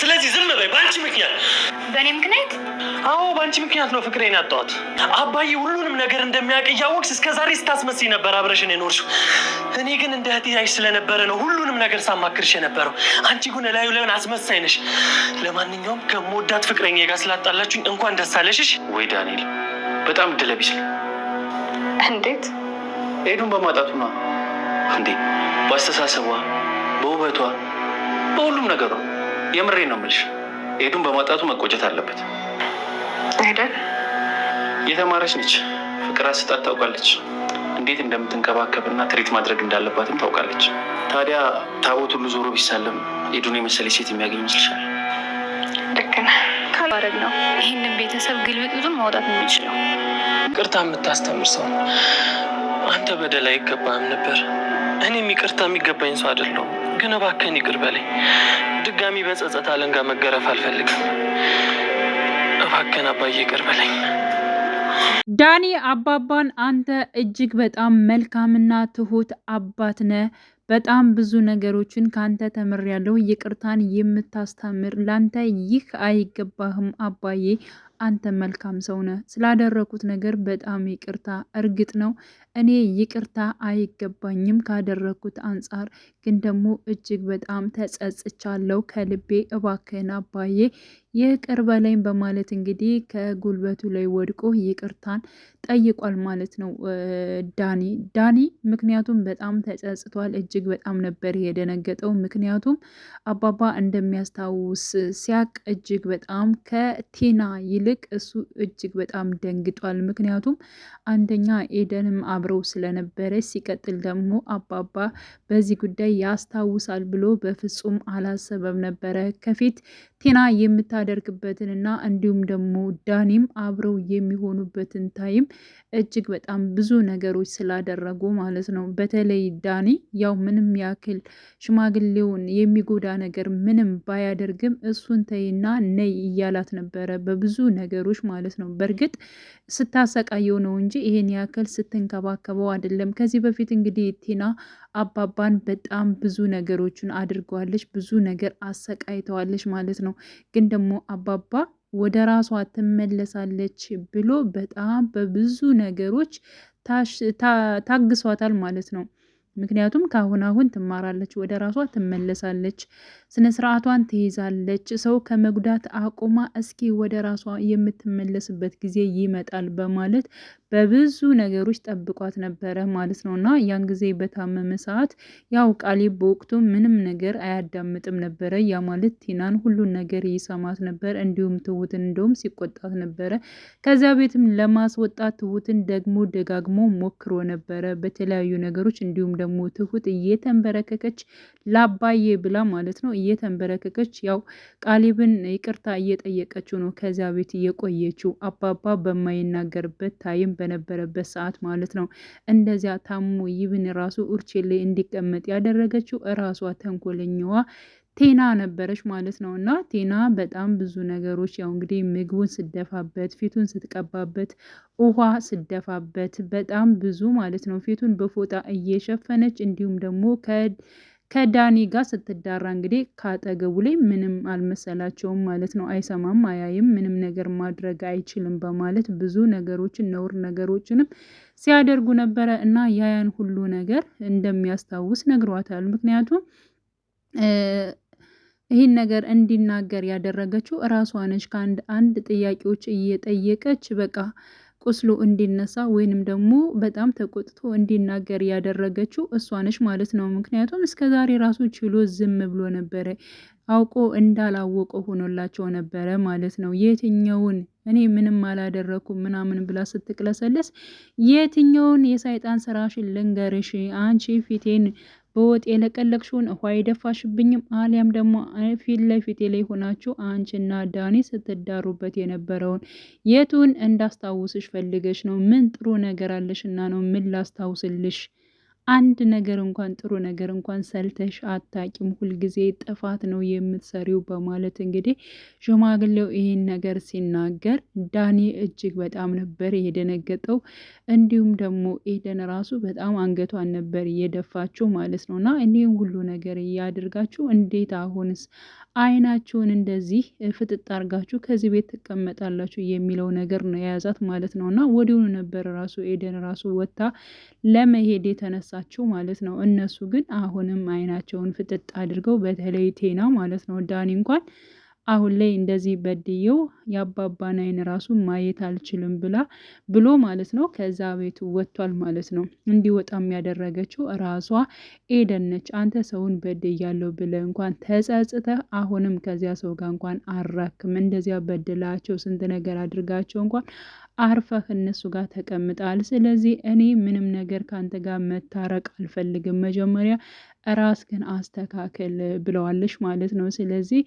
ስለዚህ ዝም በይ። በአንቺ ምክንያት በእኔ ምክንያት? አዎ በአንቺ ምክንያት ነው ፍቅሬን ያጣኋት። አባዬ ሁሉንም ነገር እንደሚያውቅ እያወቅሽ እስከ ዛሬ ስታስመስይ ነበር አብረሽን የኖርሽው። እኔ ግን እንደ እህቴ ያይሽ ስለነበረ ነው ሁሉንም ነገር ሳማክርሽ የነበረው። አንቺ ግን ላዩ ላዩን አስመሳይ ነሽ። ለማንኛውም ከምወዳት ፍቅረኛ ጋር ስላጣላችሁኝ እንኳን ደስ አለሽሽ። ወይ ዳንኤል በጣም ድለቢስ ነው። እንዴት ኤዱን በማጣቱ ነው እንዴ? በአስተሳሰቧ፣ በውበቷ፣ በሁሉም ነገሯ የምሬ ነው የምልሽ። ኤዱን በማጣቱ መቆጨት አለበት አይደል? የተማረች ነች፣ ፍቅር አስጣት ታውቃለች። እንዴት እንደምትንከባከብና ትሪት ማድረግ እንዳለባትም ታውቃለች። ታዲያ ታቦት ሁሉ ዞሮ ቢሳለም ኤዱን የመሰለ ሴት የሚያገኝ ይመስልሻል? ልክ ነህ። ነው ይህንን ቤተሰብ ግልብጡን ማውጣት የምችለው ይቅርታ የምታስተምር ሰው አንተ በደል አይገባህም ነበር። እኔም ይቅርታ የሚገባኝ ሰው አይደለሁም። ግን እባክህን ይቅር በለኝ። ድጋሚ በጸጸት አለንጋ መገረፍ አልፈልግም። እባክህን አባዬ ይቅር በለኝ። ዳኒ አባባን አንተ እጅግ በጣም መልካምና ትሁት አባት ነህ። በጣም ብዙ ነገሮችን ከአንተ ተምሬያለሁ። ይቅርታን የምታስተምር ላንተ ይህ አይገባህም አባዬ አንተ መልካም ሰው ነህ፣ ስላደረኩት ነገር በጣም ይቅርታ። እርግጥ ነው እኔ ይቅርታ አይገባኝም ካደረኩት አንጻር፣ ግን ደግሞ እጅግ በጣም ተጸጽቻለሁ ከልቤ። እባክህን አባዬ ይቅር በለኝ በማለት እንግዲህ ከጉልበቱ ላይ ወድቆ ይቅርታን ጠይቋል ማለት ነው ዳኒ ዳኒ ምክንያቱም በጣም ተጸጽቷል። እጅግ በጣም ነበር የደነገጠው። ምክንያቱም አባባ እንደሚያስታውስ ሲያቅ እጅግ በጣም ከቲና ይልቅ ይልቅ እሱ እጅግ በጣም ደንግጧል። ምክንያቱም አንደኛ ኤደንም አብረው ስለነበረች፣ ሲቀጥል ደግሞ አባባ በዚህ ጉዳይ ያስታውሳል ብሎ በፍጹም አላሰበም ነበረ። ከፊት ቴና የምታደርግበትንና እንዲሁም ደግሞ ዳኒም አብረው የሚሆኑበትን ታይም እጅግ በጣም ብዙ ነገሮች ስላደረጉ ማለት ነው። በተለይ ዳኒ ያው ምንም ያክል ሽማግሌውን የሚጎዳ ነገር ምንም ባያደርግም እሱን ተይና ነይ እያላት ነበረ በብዙ ነገሮች ማለት ነው። በእርግጥ ስታሰቃየው ነው እንጂ ይሄን ያክል ስትንከባከበው አይደለም። ከዚህ በፊት እንግዲህ ቲና አባባን በጣም ብዙ ነገሮችን አድርገዋለች፣ ብዙ ነገር አሰቃይተዋለች ማለት ነው። ግን ደግሞ አባባ ወደ ራሷ ትመለሳለች ብሎ በጣም በብዙ ነገሮች ታግሷታል ማለት ነው። ምክንያቱም ከአሁን አሁን ትማራለች፣ ወደ ራሷ ትመለሳለች፣ ስነ ስርዓቷን ትይዛለች። ሰው ከመጉዳት አቁማ እስኪ ወደ ራሷ የምትመለስበት ጊዜ ይመጣል በማለት በብዙ ነገሮች ጠብቋት ነበረ ማለት ነው። እና ያን ጊዜ በታመመ ሰዓት ያው ቃሌብ በወቅቱ ምንም ነገር አያዳምጥም ነበረ። ያ ማለት ቲናን ሁሉን ነገር ይሰማት ነበር። እንዲሁም ትሁትን እንደውም ሲቆጣት ነበረ። ከዚያ ቤትም ለማስወጣት ትሁትን ደግሞ ደጋግሞ ሞክሮ ነበረ በተለያዩ ነገሮች። እንዲሁም ደግሞ ትሁት እየተንበረከከች ላባዬ ብላ ማለት ነው እየተንበረከከች ያው ቃሌብን ይቅርታ እየጠየቀችው ነው ከዚያ ቤት እየቆየችው አባባ በማይናገርበት ታይም በነበረበት ሰዓት ማለት ነው። እንደዚያ ታሞ ይብን ራሱ ኡርቼሌ እንዲቀመጥ ያደረገችው እራሷ ተንኮለኛዋ ቴና ነበረች ማለት ነው። እና ቴና በጣም ብዙ ነገሮች ያው እንግዲህ ምግቡን ስደፋበት፣ ፊቱን ስትቀባበት፣ ውሃ ስደፋበት በጣም ብዙ ማለት ነው። ፊቱን በፎጣ እየሸፈነች እንዲሁም ደግሞ ከ ከዳኒ ጋር ስትዳራ እንግዲህ ካጠገቡ ላይ ምንም አልመሰላቸውም ማለት ነው። አይሰማም፣ አያይም፣ ምንም ነገር ማድረግ አይችልም በማለት ብዙ ነገሮችን ነውር ነገሮችንም ሲያደርጉ ነበረ እና ያያን ሁሉ ነገር እንደሚያስታውስ ነግሯታል። ምክንያቱም ይህን ነገር እንዲናገር ያደረገችው እራሷ ነች። ከአንድ አንድ ጥያቄዎች እየጠየቀች በቃ ቁስሉ እንዲነሳ ወይንም ደግሞ በጣም ተቆጥቶ እንዲናገር ያደረገችው እሷ ነች ማለት ነው። ምክንያቱም እስከዛሬ ራሱ ችሎ ዝም ብሎ ነበረ። አውቆ እንዳላወቀ ሆኖላቸው ነበረ ማለት ነው። የትኛውን እኔ ምንም አላደረኩ ምናምን ብላ ስትቅለሰለስ የትኛውን የሳይጣን ስራሽን ልንገርሽ አንቺ ፊቴን በወጥ የለቀለቅሽውን ውሃ የደፋሽብኝም አሊያም ደግሞ ፊት ለፊቴ ላይ ሆናችሁ አንቺና ዳኒ ስትዳሩበት የነበረውን የቱን እንዳስታውስሽ ፈልገሽ ነው? ምን ጥሩ ነገር አለሽና ነው? ምን ላስታውስልሽ አንድ ነገር እንኳን ጥሩ ነገር እንኳን ሰልተሽ አታቂም፣ ሁልጊዜ ጥፋት ነው የምትሰሪው በማለት እንግዲህ ሽማግሌው ይህን ነገር ሲናገር ዳኒ እጅግ በጣም ነበር የደነገጠው። እንዲሁም ደግሞ ኤደን ራሱ በጣም አንገቷን ነበር እየደፋችው ማለት ነው። እና እኔም ሁሉ ነገር እያደርጋችሁ እንዴት አሁንስ አይናችሁን እንደዚህ ፍጥጥ አርጋችሁ ከዚህ ቤት ትቀመጣላችሁ የሚለው ነገር ነው የያዛት ማለት ነው። እና ወዲሁኑ ነበር ራሱ ኤደን ራሱ ወታ ለመሄድ የተነሳ ያወጣችው ማለት ነው። እነሱ ግን አሁንም አይናቸውን ፍጥጥ አድርገው በተለይ ቴና ማለት ነው ዳኒ እንኳን አሁን ላይ እንደዚህ በድየው የአባባን አይን ራሱ ማየት አልችልም ብላ ብሎ ማለት ነው ከዛ ቤቱ ወጥቷል ማለት ነው። እንዲወጣም ያደረገችው ራሷ ኤደን ነች። አንተ ሰውን በድያለሁ ብለህ እንኳን ተጸጽተህ አሁንም ከዚያ ሰው ጋር እንኳን አራክም እንደዚያ በድላቸው ስንት ነገር አድርጋቸው እንኳን አርፈህ እነሱ ጋር ተቀምጣል። ስለዚህ እኔ ምንም ነገር ከአንተ ጋር መታረቅ አልፈልግም፣ መጀመሪያ ራስህን አስተካከል ብለዋለች ማለት ነው። ስለዚህ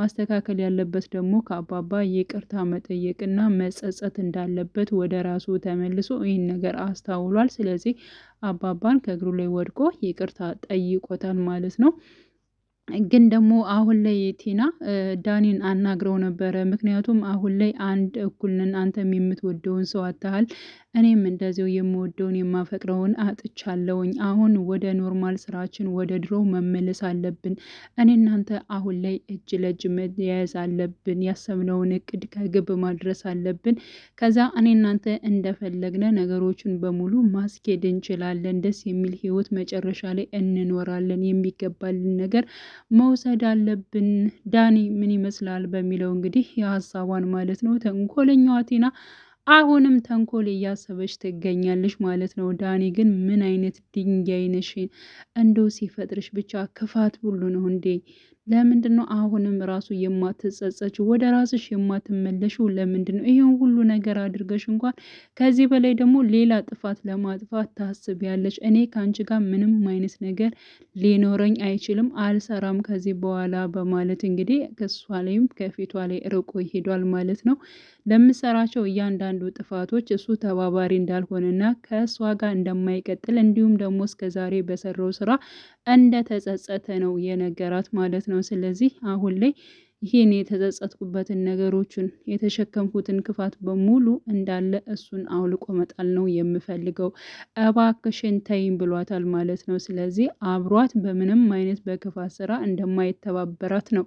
ማስተካከል ያለበት ደግሞ ከአባባ ይቅርታ መጠየቅና መጸጸት እንዳለበት ወደ ራሱ ተመልሶ ይህን ነገር አስታውሏል። ስለዚህ አባባን ከእግሩ ላይ ወድቆ ይቅርታ ጠይቆታል ማለት ነው። ግን ደግሞ አሁን ላይ ቲና ዳኒን አናግረው ነበረ። ምክንያቱም አሁን ላይ አንድ እኩል አንተም የምትወደውን ሰው አታሃል፣ እኔም እንደዚው የምወደውን የማፈቅረውን አለውኝ አሁን ወደ ኖርማል ስራችን ወደ ድሮ መመለስ አለብን። እኔ እናንተ አሁን ላይ እጅ ለእጅ መያያዝ አለብን። ያሰብነውን እቅድ ከግብ ማድረስ አለብን። ከዛ እኔ እናንተ እንደፈለግነ ነገሮችን በሙሉ ማስኬድ እንችላለን። ደስ የሚል ህይወት መጨረሻ ላይ እንኖራለን። የሚገባልን ነገር መውሰድ አለብን ዳኒ ምን ይመስላል በሚለው እንግዲህ የሀሳቧን ማለት ነው ተንኮለኛዋ ቲና አሁንም ተንኮል እያሰበች ትገኛለች ማለት ነው። ዳኒ ግን ምን አይነት ድንጋይ ነሽ? እንደው ሲፈጥርሽ ብቻ ክፋት ሁሉ ነው እንዴ? ለምንድነው አሁንም ራሱ የማትጸጸች ወደ ራስሽ የማትመለሽው ለምንድነው? ይሄን ሁሉ ነገር አድርገሽ እንኳን ከዚህ በላይ ደግሞ ሌላ ጥፋት ለማጥፋት ታስቢያለሽ። እኔ ከአንቺ ጋር ምንም አይነት ነገር ሊኖረኝ አይችልም፣ አልሰራም ከዚህ በኋላ በማለት እንግዲህ ከሷ ላይም ከፊቷ ላይ ርቆ ሄዷል ማለት ነው። ለምሰራቸው እያንዳንዱ ጥፋቶች እሱ ተባባሪ እንዳልሆነና ከእሷ ጋር እንደማይቀጥል እንዲሁም ደግሞ እስከዛሬ በሰራው ስራ እንደተጸጸተ ነው የነገራት ማለት ነው። ስለዚህ አሁን ላይ ይሄን የተጸጸትኩበትን ነገሮችን የተሸከምኩትን ክፋት በሙሉ እንዳለ እሱን አውልቆ መጣል ነው የምፈልገው፣ እባክሽን ተይኝ ብሏታል ማለት ነው። ስለዚህ አብሯት በምንም አይነት በክፋት ስራ እንደማይተባበራት ነው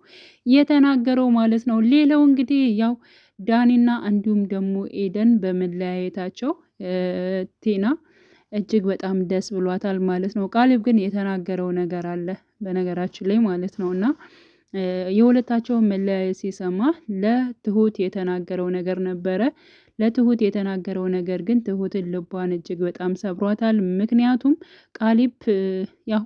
የተናገረው ማለት ነው። ሌላው እንግዲህ ያው ዳኒና እንዲሁም ደግሞ ኤደን በመለያየታቸው ቴና እጅግ በጣም ደስ ብሏታል ማለት ነው። ቃሊብ ግን የተናገረው ነገር አለ በነገራችን ላይ ማለት ነው እና የሁለታቸውን መለያየት ሲሰማ ለትሁት የተናገረው ነገር ነበረ። ለትሁት የተናገረው ነገር ግን ትሁትን ልቧን እጅግ በጣም ሰብሯታል። ምክንያቱም ቃሊብ ያው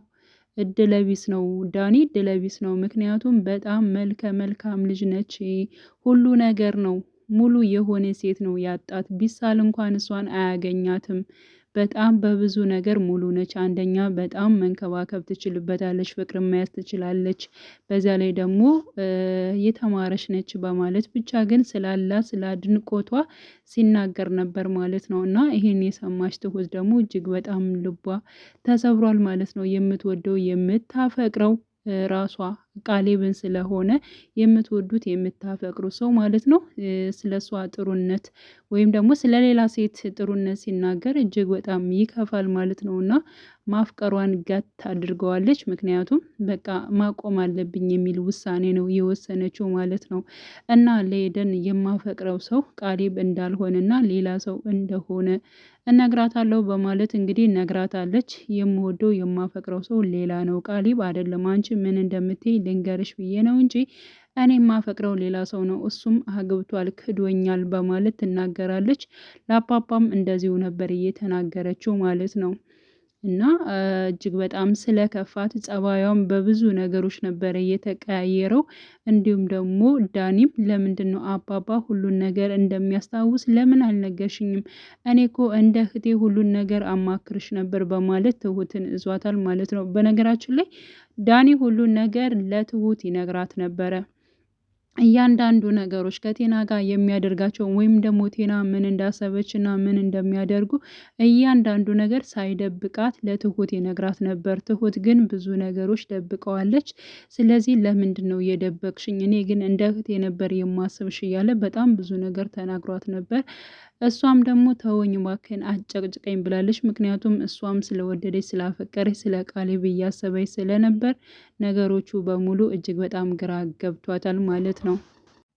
እድለቢስ ነው፣ ዳኒ እድለቢስ ነው። ምክንያቱም በጣም መልከ መልካም ልጅ ነች፣ ሁሉ ነገር ነው፣ ሙሉ የሆነ ሴት ነው ያጣት። ቢሳል እንኳን እሷን አያገኛትም። በጣም በብዙ ነገር ሙሉ ነች። አንደኛ በጣም መንከባከብ ትችልበታለች፣ ፍቅር መያዝ ትችላለች። በዛ ላይ ደግሞ የተማረች ነች በማለት ብቻ ግን ስላላ ስለ ሲናገር ነበር ማለት ነው። እና ይህን የሰማች ትሁት ደግሞ እጅግ በጣም ልቧ ተሰብሯል ማለት ነው። የምትወደው የምታፈቅረው ራሷ ቃሌብን ስለሆነ የምትወዱት የምታፈቅሩት ሰው ማለት ነው ስለ እሷ ጥሩነት ወይም ደግሞ ስለሌላ ሴት ጥሩነት ሲናገር እጅግ በጣም ይከፋል ማለት ነው እና ማፍቀሯን ጋት አድርገዋለች። ምክንያቱም በቃ ማቆም አለብኝ የሚል ውሳኔ ነው የወሰነችው ማለት ነው እና ለኤደን የማፈቅረው ሰው ቃሌብ እና ሌላ ሰው እንደሆነ እነግራታለሁ በማለት እንግዲህ ነግራታለች። የምወደው የማፈቅረው ሰው ሌላ ነው ቃሊብ አይደለም። አንቺ ምን እንደምትይ ልንገርሽ ብዬ ነው እንጂ እኔ የማፈቅረው ሌላ ሰው ነው፣ እሱም አግብቷል፣ ክዶኛል በማለት ትናገራለች። ለአፓፓም እንደዚሁ ነበር እየተናገረችው ማለት ነው። እና እጅግ በጣም ስለከፋት ጸባዩም በብዙ ነገሮች ነበረ የተቀያየረው። እንዲሁም ደግሞ ዳኒም ለምንድን ነው አባባ ሁሉን ነገር እንደሚያስታውስ ለምን አልነገርሽኝም? እኔ ኮ እንደ ህቴ ሁሉን ነገር አማክርሽ ነበር በማለት ትሁትን እዟታል ማለት ነው። በነገራችን ላይ ዳኒ ሁሉን ነገር ለትሁት ይነግራት ነበረ እያንዳንዱ ነገሮች ከቴና ጋር የሚያደርጋቸውን ወይም ደግሞ ቴና ምን እንዳሰበች እና ምን እንደሚያደርጉ እያንዳንዱ ነገር ሳይደብቃት ለትሁት የነግራት ነበር። ትሁት ግን ብዙ ነገሮች ደብቀዋለች። ስለዚህ ለምንድን ነው የደበቅሽኝ? እኔ ግን እንደ እህቴ ነበር የማስብሽ እያለ በጣም ብዙ ነገር ተናግሯት ነበር። እሷም ደግሞ ተወኝ እባክህን አጨቅጭቀኝ ብላለች። ምክንያቱም እሷም ስለወደደች ስላፈቀረች ስለ ቃሌብ እያሰበች ስለነበር ነገሮቹ በሙሉ እጅግ በጣም ግራ ገብቷታል ማለት ነው።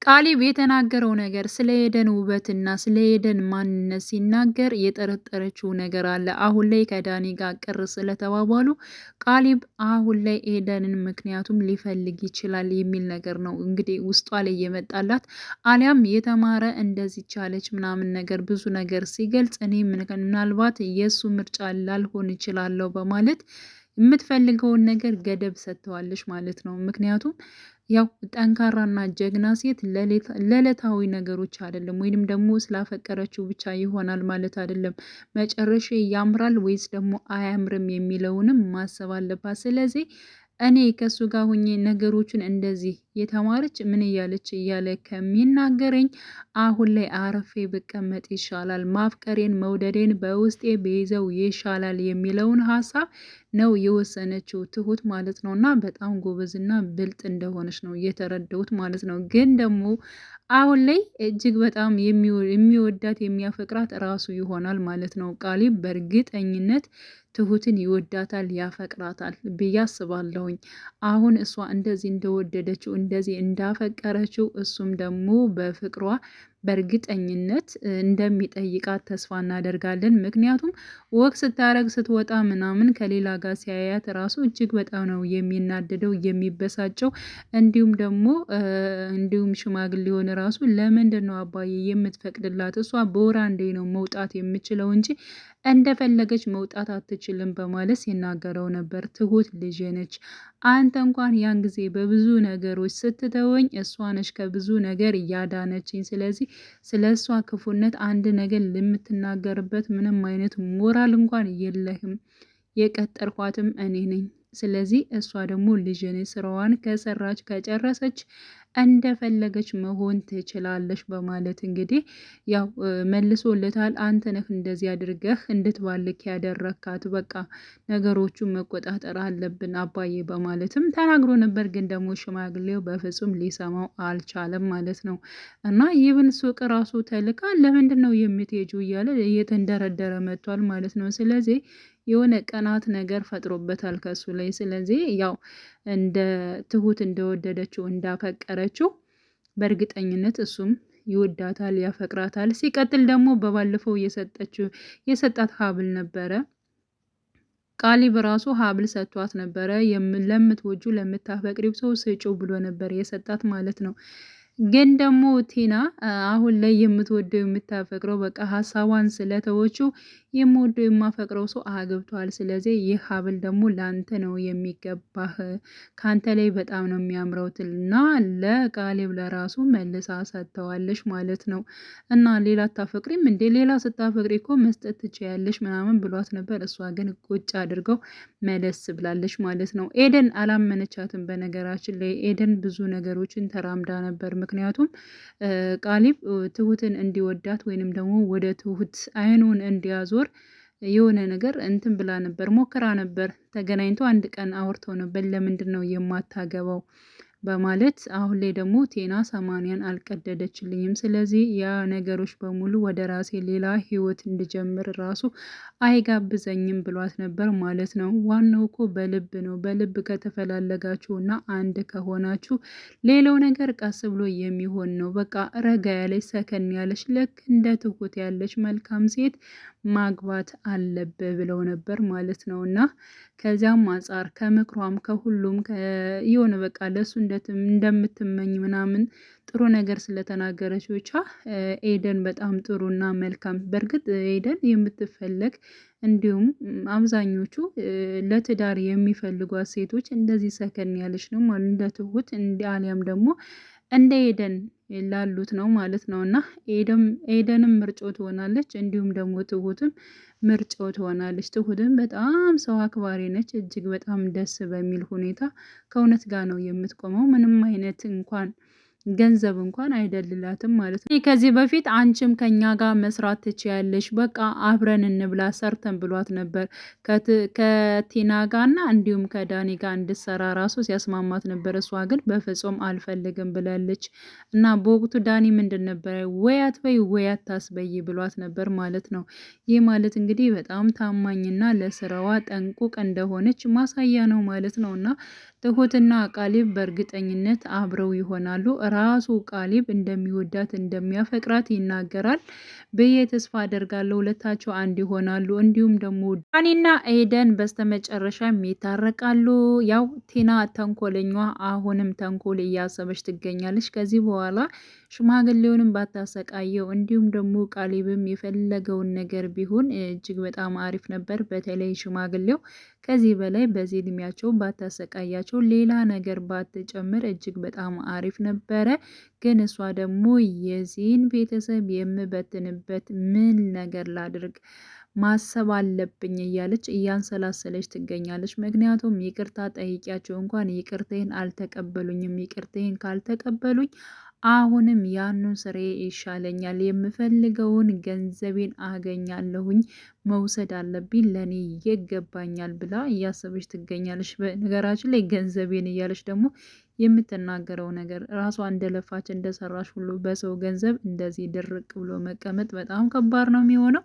ቃሊብ የተናገረው ነገር ስለ ኤደን ውበትና ስለ ኤደን ማንነት ሲናገር የጠረጠረችው ነገር አለ። አሁን ላይ ከዳኒ ጋር ቅር ስለተባባሉ ቃሊብ አሁን ላይ ኤደንን ምክንያቱም ሊፈልግ ይችላል የሚል ነገር ነው እንግዲህ ውስጧ ላይ የመጣላት። አሊያም የተማረ እንደዚህ ቻለች ምናምን ነገር ብዙ ነገር ሲገልጽ እኔ ምናልባት የእሱ ምርጫ ላልሆን እችላለሁ በማለት የምትፈልገውን ነገር ገደብ ሰጥተዋለች ማለት ነው። ምክንያቱም ያው ጠንካራና ጀግና ሴት ለዕለታዊ ነገሮች አይደለም ወይንም ደግሞ ስላፈቀረችው ብቻ ይሆናል ማለት አይደለም። መጨረሻ ያምራል ወይስ ደግሞ አያምርም የሚለውንም ማሰብ አለባት። ስለዚህ እኔ ከእሱ ጋር ሁኜ ነገሮችን እንደዚህ የተማረች ምን እያለች እያለ ከሚናገረኝ አሁን ላይ አረፌ ብቀመጥ ይሻላል፣ ማፍቀሬን መውደዴን በውስጤ ብይዘው ይሻላል የሚለውን ሀሳብ ነው የወሰነችው ትሁት ማለት ነው። እና በጣም ጎበዝና ብልጥ እንደሆነች ነው የተረዳሁት ማለት ነው። ግን ደግሞ አሁን ላይ እጅግ በጣም የሚወዳት የሚያፈቅራት ራሱ ይሆናል ማለት ነው። ቃሊብ በእርግጠኝነት ትሁትን ይወዳታል፣ ያፈቅራታል ብዬ አስባለሁኝ። አሁን እሷ እንደዚህ እንደወደደችው እንደዚህ እንዳፈቀረችው እሱም ደግሞ በፍቅሯ በእርግጠኝነት እንደሚጠይቃት ተስፋ እናደርጋለን። ምክንያቱም ወቅ ስታረግ ስትወጣ ምናምን ከሌላ ጋር ሲያያት ራሱ እጅግ በጣም ነው የሚናደደው የሚበሳጨው። እንዲሁም ደግሞ እንዲሁም ሽማግሌ ሊሆን ራሱ ለምንድን ነው አባዬ የምትፈቅድላት? እሷ በወር አንዴ ነው መውጣት የምችለው እንጂ እንደፈለገች መውጣት አትችልም በማለት ሲናገረው ነበር። ትሁት ልጅ ነች። አንተ እንኳን ያን ጊዜ በብዙ ነገሮች ስትተወኝ እሷ ነች ከብዙ ነገር እያዳነችኝ። ስለዚህ ስለ እሷ ክፉነት አንድ ነገር የምትናገርበት ምንም አይነት ሞራል እንኳን የለህም። የቀጠርኳትም እኔ ነኝ። ስለዚህ እሷ ደግሞ ልጅ ስራዋን ከሰራች ከጨረሰች እንደፈለገች መሆን ትችላለች በማለት እንግዲህ ያው መልሶለታል። አንተ ነህ እንደዚህ አድርገህ እንድትባልክ ያደረካት፣ በቃ ነገሮቹን መቆጣጠር አለብን አባዬ በማለትም ተናግሮ ነበር። ግን ደግሞ ሽማግሌው በፍጹም ሊሰማው አልቻለም ማለት ነው። እና ይብን ሱቅ ራሱ ተልካ ለምንድን ነው የምትሄጂው እያለ እየተንደረደረ መጥቷል ማለት ነው። ስለዚህ የሆነ ቀናት ነገር ፈጥሮበታል ከሱ ላይ። ስለዚህ ያው እንደ ትሁት እንደወደደችው እንዳፈቀረችው በእርግጠኝነት እሱም ይወዳታል፣ ያፈቅራታል። ሲቀጥል ደግሞ በባለፈው የሰጠችው የሰጣት ሀብል ነበረ ቃሊ በራሱ ሀብል ሰጥቷት ነበረ። ለምትወጁ ለምታፈቅሪው ሰው ስጩ ብሎ ነበር የሰጣት ማለት ነው። ግን ደግሞ ቲና አሁን ላይ የምትወደው የምታፈቅረው በቃ ሀሳቧን ስለተወቹ የምወደው የማፈቅረው ሰው አገብቷል። ስለዚህ ይህ ሀብል ደግሞ ለአንተ ነው የሚገባህ፣ ከአንተ ላይ በጣም ነው የሚያምረው ትልና ለቃሌብ ለራሱ መልሳ ሰጥተዋለች ማለት ነው። እና ሌላ አታፈቅሪም እንዴ? ሌላ ስታፈቅሪ እኮ መስጠት ትችያለሽ ምናምን ብሏት ነበር። እሷ ግን ቁጭ አድርገው መለስ ብላለች ማለት ነው። ኤደን አላመነቻትም። በነገራችን ላይ ኤደን ብዙ ነገሮችን ተራምዳ ነበር ምክንያቱም ቃሊብ ትሁትን እንዲወዳት ወይንም ደግሞ ወደ ትሁት አይኑን እንዲያዞር የሆነ ነገር እንትን ብላ ነበር ሞክራ ነበር። ተገናኝቶ አንድ ቀን አውርተው ነበር። ለምንድን ነው የማታገባው በማለት አሁን ላይ ደግሞ ቴና ሰማንያን አልቀደደችልኝም። ስለዚህ ያ ነገሮች በሙሉ ወደ ራሴ ሌላ ህይወት እንድጀምር ራሱ አይጋብዘኝም ብሏት ነበር ማለት ነው። ዋናው እኮ በልብ ነው። በልብ ከተፈላለጋችሁ እና አንድ ከሆናችሁ ሌላው ነገር ቀስ ብሎ የሚሆን ነው። በቃ ረጋ ያለች ሰከን ያለች ልክ እንደ ትሁት ያለች መልካም ሴት ማግባት አለብህ ብለው ነበር ማለት ነው። እና ከዚያም አንጻር ከምክሯም ከሁሉም የሆነ በቃ ለእሱ እንደምትመኝ ምናምን ጥሩ ነገር ስለተናገረች ብቻ ኤደን በጣም ጥሩ እና መልካም በእርግጥ ኤደን የምትፈለግ እንዲሁም አብዛኞቹ ለትዳር የሚፈልጓት ሴቶች እንደዚህ ሰከን ያለች ነው ማለት እንደ ትሁት እንደ አሊያም ደግሞ እንደ ኤደን ላሉት ነው ማለት ነው። እና ኤደንም ምርጫው ትሆናለች፣ እንዲሁም ደግሞ ትሁትም ምርጫው ትሆናለች። ትሁትም በጣም ሰው አክባሪ ነች። እጅግ በጣም ደስ በሚል ሁኔታ ከእውነት ጋር ነው የምትቆመው ምንም አይነት እንኳን ገንዘብ እንኳን አይደልላትም ማለት ነው። ከዚህ በፊት አንቺም ከኛ ጋር መስራት ትችያለሽ፣ በቃ አብረን እንብላ ሰርተን ብሏት ነበር። ከቲና ጋና እንዲሁም ከዳኒ ጋር እንድሰራ ራሱ ሲያስማማት ነበር። እሷ ግን በፍጹም አልፈልግም ብላለች። እና በወቅቱ ዳኒ ምንድን ነበረ ወይ አትበይ ወይ አታስበይ ብሏት ነበር ማለት ነው። ይህ ማለት እንግዲህ በጣም ታማኝና ለስራዋ ጠንቁቅ እንደሆነች ማሳያ ነው ማለት ነው እና ትሁትና ቃሊብ በእርግጠኝነት አብረው ይሆናሉ። ራሱ ቃሊብ እንደሚወዳት እንደሚያፈቅራት ይናገራል ብዬ ተስፋ አደርጋለሁ። ሁለታቸው አንድ ይሆናሉ። እንዲሁም ደግሞ ዳኒና ኤደን በስተመጨረሻም ይታረቃሉ። ያው ቲና ተንኮለኛ አሁንም ተንኮል እያሰበች ትገኛለች። ከዚህ በኋላ ሽማግሌውንም ባታሰቃየው፣ እንዲሁም ደግሞ ቃሊብም የፈለገውን ነገር ቢሆን እጅግ በጣም አሪፍ ነበር። በተለይ ሽማግሌው ከዚህ በላይ በዚህ እድሜያቸው ባታሰቃያቸው ነበረችው። ሌላ ነገር ባትጨምር እጅግ በጣም አሪፍ ነበረ። ግን እሷ ደግሞ የዚህን ቤተሰብ የምበትንበት ምን ነገር ላድርግ ማሰብ አለብኝ እያለች እያንሰላሰለች ትገኛለች። ምክንያቱም ይቅርታ ጠይቂያቸው እንኳን ይቅርቴን አልተቀበሉኝም፣ ይቅርቴን ካልተቀበሉኝ አሁንም ያኑ ስሬ ይሻለኛል፣ የምፈልገውን ገንዘቤን አገኛለሁኝ፣ መውሰድ አለብኝ፣ ለኔ ይገባኛል ብላ እያሰበች ትገኛለች። በነገራችን ላይ ገንዘቤን እያለች ደግሞ የምትናገረው ነገር ራሷ እንደለፋች እንደሰራች ሁሉ በሰው ገንዘብ እንደዚህ ድርቅ ብሎ መቀመጥ በጣም ከባድ ነው የሚሆነው።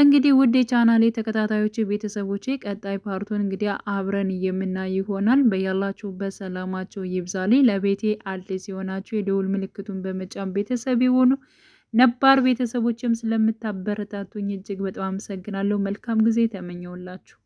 እንግዲህ ውድ የቻናሌ ተከታታዮች ቤተሰቦች ቀጣይ ፓርቱን እንግዲህ አብረን የምናይ ይሆናል። በያላችሁበት በሰላማቸው ይብዛልኝ። ለቤቴ አዲስ የሆናችሁ የደውል ምልክቱን በመጫን ቤተሰብ የሆኑ ነባር ቤተሰቦችም ስለምታበረታቱኝ እጅግ በጣም አመሰግናለሁ። መልካም ጊዜ ተመኘውላችሁ።